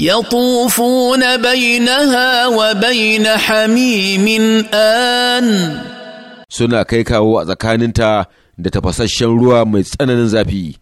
Ya na يطوفون بينها وبين Hamimin 'An' suna kai kawo a tsakaninta da tafasasshen ruwa mai tsananin zafi